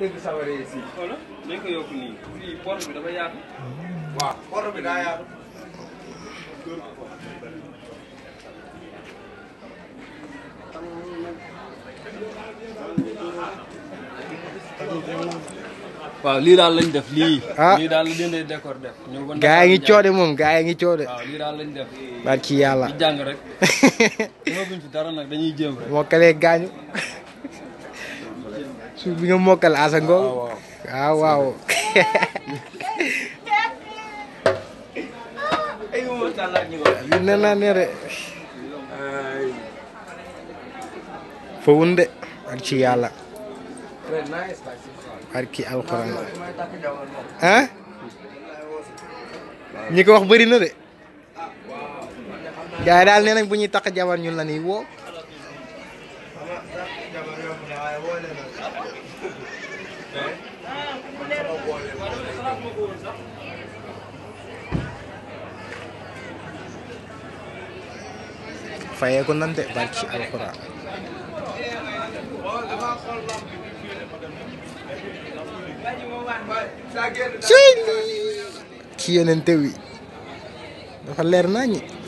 dégg saware yi si. voilà dañ ko yokk nii fii porte bi dafa yaatu. waaw porte bi daa yaatu. waaw lii daal lañ def lii. ah lii daal la dindee décor def. ñu gaa yi ngi coode moom gaa yi ngi coode. waaw lii daal lañ def. barki yàlla di jàng rek. ñoo buñ ci dara nag dañuy jéem rek. moo kalee gaañu. su bi nga mokkal asa ngoog waaw waaw ne naa ne de fa wun ak ci yàlla barki alquran ah ñi ko wax bëri na de gaay dal nee nañ bu ñuy jabar ñun la ñuy woo fayee ko nan de barki alxuraan ci yonente wi dafa leer nañu